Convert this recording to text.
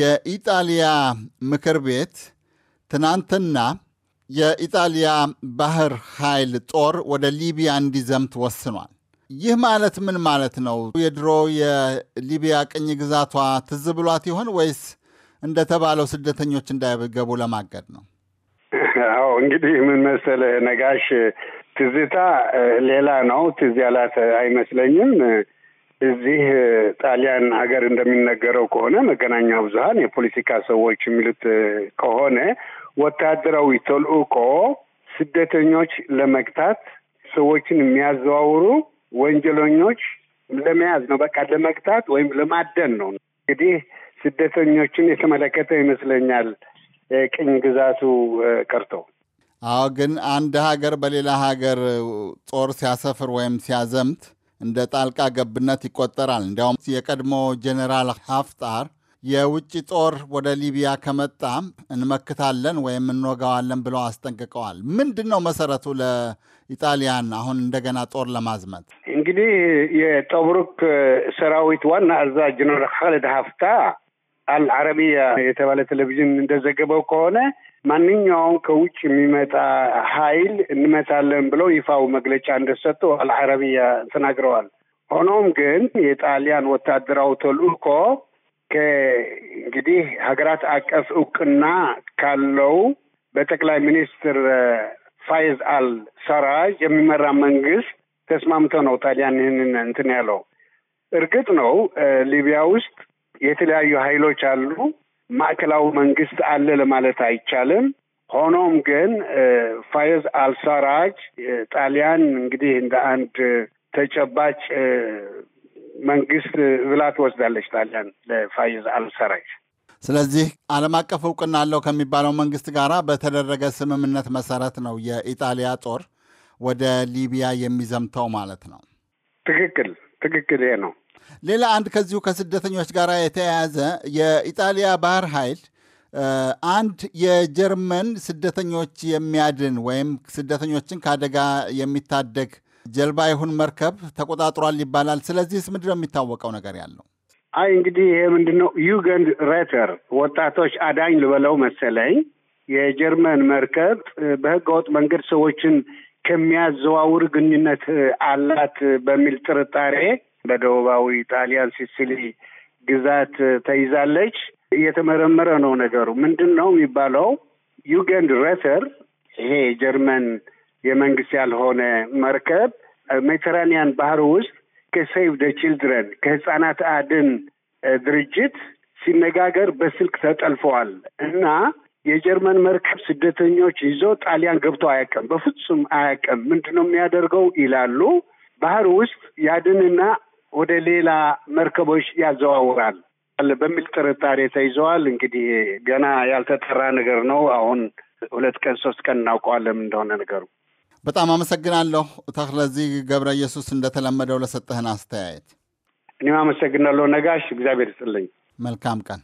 የኢጣሊያ ምክር ቤት ትናንትና የኢጣሊያ ባህር ኃይል ጦር ወደ ሊቢያ እንዲዘምት ወስኗል። ይህ ማለት ምን ማለት ነው? የድሮ የሊቢያ ቅኝ ግዛቷ ትዝ ብሏት ይሆን ወይስ እንደተባለው ስደተኞች እንዳይገቡ ለማገድ ነው? አዎ እንግዲህ ምን መሰለ ነጋሽ፣ ትዝታ ሌላ ነው። ትዝ ያላት አይመስለኝም። እዚህ ጣሊያን ሀገር እንደሚነገረው ከሆነ መገናኛ ብዙሀን የፖለቲካ ሰዎች የሚሉት ከሆነ ወታደራዊ ተልእኮ ስደተኞች ለመግታት ሰዎችን የሚያዘዋውሩ ወንጀለኞች ለመያዝ ነው። በቃ ለመግታት ወይም ለማደን ነው። እንግዲህ ስደተኞችን የተመለከተ ይመስለኛል ቅኝ ግዛቱ ቀርቶ። አዎ፣ ግን አንድ ሀገር በሌላ ሀገር ጦር ሲያሰፍር ወይም ሲያዘምት እንደ ጣልቃ ገብነት ይቆጠራል። እንዲያውም የቀድሞ ጄኔራል ሀፍጣር የውጭ ጦር ወደ ሊቢያ ከመጣ እንመክታለን ወይም እንወጋዋለን ብለው አስጠንቅቀዋል። ምንድን ነው መሰረቱ ለኢጣሊያን አሁን እንደገና ጦር ለማዝመት? እንግዲህ የጠብሩክ ሰራዊት ዋና አዛዥ ጀነራል ኻሊድ ሀፍታ አልዓረቢያ የተባለ ቴሌቪዥን እንደዘገበው ከሆነ ማንኛውም ከውጭ የሚመጣ ኃይል እንመታለን ብለው ይፋው መግለጫ እንደሰጡ አልአረቢያ ተናግረዋል። ሆኖም ግን የጣሊያን ወታደራዊ ተልእኮ ከእንግዲህ ሀገራት አቀፍ እውቅና ካለው በጠቅላይ ሚኒስትር ፋይዝ አል ሰራጅ የሚመራ መንግስት ተስማምቶ ነው ጣሊያን ይህንን እንትን ያለው። እርግጥ ነው ሊቢያ ውስጥ የተለያዩ ኃይሎች አሉ። ማዕከላዊ መንግስት አለ ለማለት አይቻልም። ሆኖም ግን ፋየዝ አልሳራጅ ጣሊያን እንግዲህ እንደ አንድ ተጨባጭ መንግስት ብላ ትወስዳለች ጣሊያን ለፋየዝ አልሳራጅ። ስለዚህ ዓለም አቀፍ እውቅና አለው ከሚባለው መንግስት ጋር በተደረገ ስምምነት መሰረት ነው የኢጣሊያ ጦር ወደ ሊቢያ የሚዘምተው ማለት ነው። ትክክል ትክክል፣ ይሄ ነው። ሌላ አንድ ከዚሁ ከስደተኞች ጋር የተያያዘ የኢጣሊያ ባህር ኃይል አንድ የጀርመን ስደተኞች የሚያድን ወይም ስደተኞችን ከአደጋ የሚታደግ ጀልባ ይሁን መርከብ ተቆጣጥሯል ይባላል። ስለዚህ ምንድን ነው የሚታወቀው ነገር ያለው? አይ እንግዲህ ይሄ ምንድን ነው ዩገንድ ሬተር ወጣቶች አዳኝ ልበለው መሰለኝ የጀርመን መርከብ በህገወጥ መንገድ ሰዎችን ከሚያዘዋውር ግንኙነት አላት በሚል ጥርጣሬ በደቡባዊ ጣሊያን ሲሲሊ ግዛት ተይዛለች። እየተመረመረ ነው ነገሩ። ምንድን ነው የሚባለው? ዩገንድ ረተር ይሄ ጀርመን የመንግስት ያልሆነ መርከብ ሜዲተራኒያን ባህር ውስጥ ከሴቭ ደ ችልድረን ከህጻናት አድን ድርጅት ሲነጋገር በስልክ ተጠልፈዋል እና የጀርመን መርከብ ስደተኞች ይዞ ጣሊያን ገብቶ አያውቅም፣ በፍጹም አያውቅም። ምንድን ነው የሚያደርገው ይላሉ። ባህር ውስጥ ያድንና ወደ ሌላ መርከቦች ያዘዋውራል በሚል ጥርጣሬ ተይዘዋል። እንግዲህ ገና ያልተጠራ ነገር ነው። አሁን ሁለት ቀን ሶስት ቀን እናውቀዋለን እንደሆነ ነገሩ። በጣም አመሰግናለሁ ተክለዚህ ገብረ ኢየሱስ እንደተለመደው ለሰጠህን አስተያየት። እኔም አመሰግናለሁ ነጋሽ። እግዚአብሔር ይስጥልኝ። መልካም ቀን